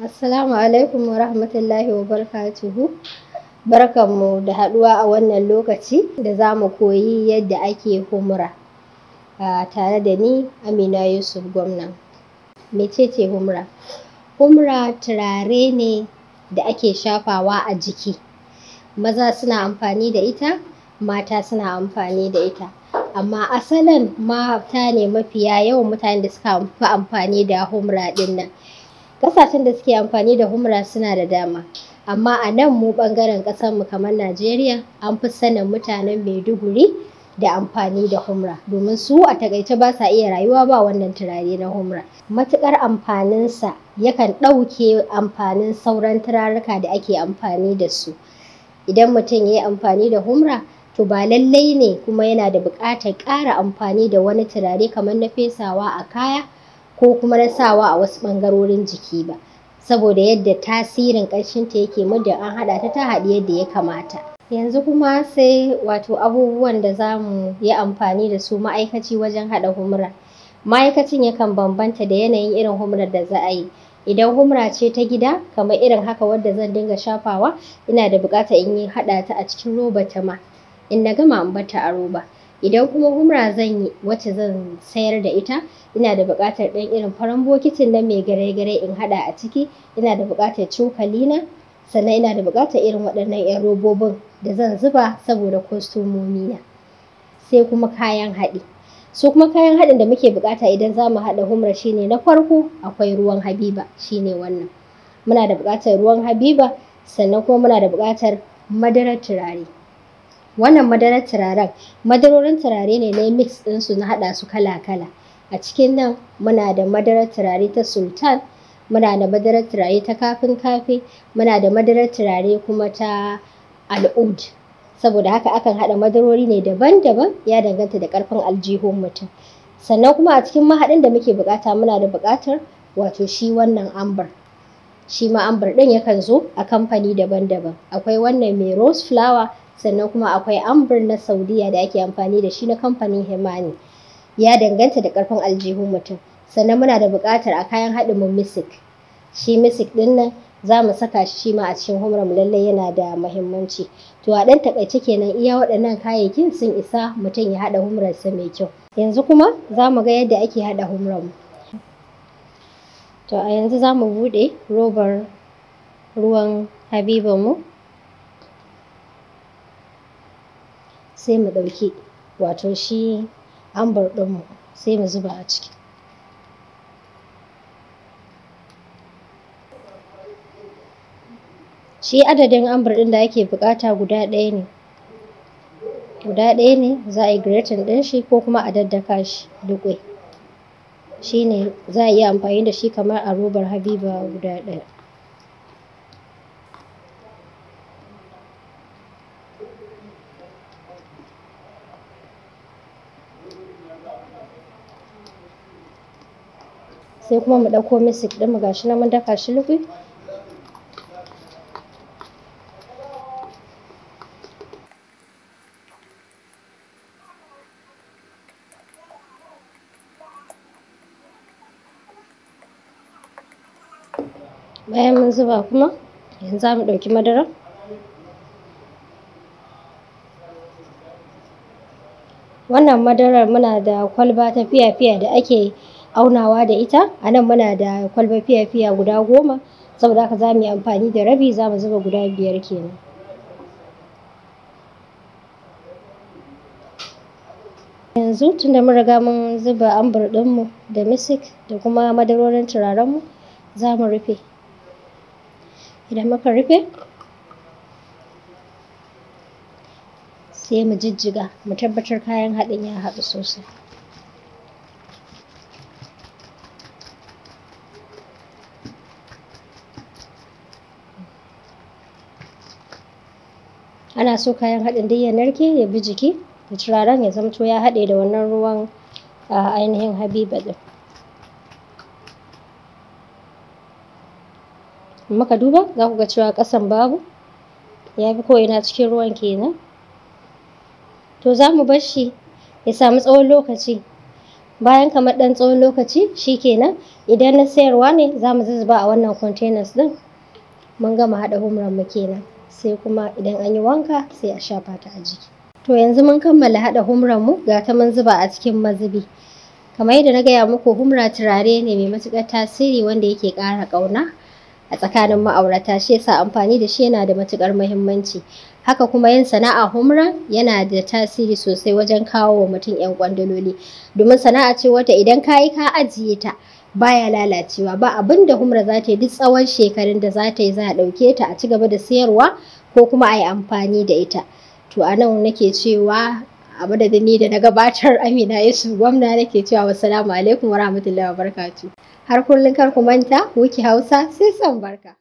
Assalamu alaikum wa rahmatullahi wa barkatuhu. Barkanmu da haɗuwa a wannan lokaci da za mu koyi yadda ake humra. Tare da ni Amina Yusuf gwamnan. ce humra? Humra turare ne da ake shafawa a jiki. Maza suna amfani da ita, mata suna amfani da ita. Amma asalin mata ne mafiya yawan mutanen da suka fi amfani da humra dinnan. Ƙasashen da suke amfani da humra suna da dama, amma a nan mu ɓangaren mu kamar Najeriya an fi sanin mutanen Maiduguri da amfani da humra domin su a takaice ba sa iya rayuwa ba wannan turare na humra matukar amfaninsa yakan ɗauke amfanin sauran turaruka da ake amfani da su idan mutum ya yi amfani da humra to ba lallai ne kuma yana da buƙatar ƙara amfani da wani turare kamar na fesawa a kaya ko kuma na sawa a wasu ɓangarorin jiki ba saboda yadda tasirin ta yake muddin an haɗa ta ta haɗi yadda ya kamata yanzu kuma sai wato abubuwan da za mu yi amfani da su ma'aikaci wajen haɗa humra ma'aikacin yakan bambanta da yanayin irin humrar da za a yi idan humra ce ta gida kamar irin haka wadda zan dinga shafawa ina da buƙatar in yi haɗa ta a cikin roba ta ma in na gama in bata a roba idan kuma humra zan yi wacce zan sayar da ita ina da buƙatar ɗan irin faran bokitin nan mai gare-gare in haɗa a ciki ina da buƙatar cokali na sannan ina da buƙatar irin waɗannan 'yan robobin da zan zuba saboda kostomomi na sai kuma kayan haɗi su kuma kayan haɗin da muke buƙata idan za mu haɗa humra shine na farko akwai ruwan habiba shine wannan muna da buƙatar ruwan habiba sannan kuma muna da buƙatar madarar turare Wannan madarar turaren, madarorin turare ne na mix ɗinsu na haɗa su kala-kala. A cikin nan muna da madarar turare ta Sultan, muna da madarar turare ta kafin kafe, muna da madarar turare kuma ta al'ud. Saboda haka akan haɗa madarori ne daban-daban ya danganta da ƙarfin aljihun mutum. Sannan kuma a cikin mahaɗin da muke buƙata muna da buƙatar wato shi wannan ambar. Shi ma ambar ɗin yakan zo a kamfani daban-daban. Akwai wannan mai rose flower sannan kuma akwai ambur na saudiya da ake amfani da shi na kamfanin himani ya danganta da karfin aljihun mutum sannan muna da buƙatar a kayan haɗin mu misik shi misik ɗin nan za mu saka shi ma a cikin humra mu lallai yana da muhimmanci to a ɗan takaice kenan iya waɗannan kayayyakin sun isa mutum ya haɗa humrarsa mai kyau yanzu kuma za mu ga yadda ake haɗa humrar mu to a yanzu za mu buɗe robar ruwan habibanmu sai mu ɗauki wato shi ambar ɗinmu sai mu zuba a ciki shi adadin ambar ɗin da ake buƙata guda ɗaya ne guda ɗaya ne za a yi gretin ɗin shi ko kuma a daddaka shi duƙwai shi ne za a iya amfani da shi kamar a robar habiba guda ɗaya sai kuma mu ɗauko misik ɗinmu gashi na mun daka shi liquid bayan mun zuba kuma yanzu za mu ɗauki madara. wannan madarar muna da kwalba ta fiya-fiya da ake aunawa da ita a nan muna da kwalba fiya-fiya guda goma saboda haka za mu yi amfani da rabi za mu zuba guda biyar kenan yanzu tunda mun riga mun zuba ambur ɗinmu da misik da kuma madarorin turarenmu za mu rufe idan muka rufe sai mu jijjiga mu tabbatar kayan haɗin ya haɗu sosai ana so kayan haɗin dai ya narke ya bi jiki da turaren ya zamto ya haɗe da wannan ruwan a ah, ainihin habiba ɗin muka duba za ku ga cewa ƙasan babu ya fi ko'ina cikin ruwan kenan to za mu bar shi ya samu tsawon lokaci bayan kamar ɗan tsawon lokaci shi kenan idan na sayarwa ne za mu zuzzuba a wannan containers ɗin mun gama haɗa humran mu kenan sai kuma idan an yi wanka sai a shafa ta a jiki to yanzu mun kammala haɗa humran mu ga ta mun zuba a cikin mazubi kamar yadda na gaya muku humra turare ne mai matuƙar tasiri wanda yake ƙara ƙauna a tsakanin ma'aurata shi yasa amfani da shi yana da matukar muhimmanci haka kuma yin sana'a humra yana da tasiri sosai wajen kawo wa mutum yan kwandaloli domin sana'a ce wata idan ka yi ka ajiye ta baya lalacewa ba abinda da humra za ta yi duk tsawon shekarun da za ta yi za a ɗauke ta a ci gaba da sayarwa ko kuma a yi amfani da ita to a nan nake cewa a madadin ni da na gabatar amina yesu gwamna nake cewa wasalamu alaikum wa rahmatullahi wa barkatu har kullum kar ku manta wuki hausa sai son barka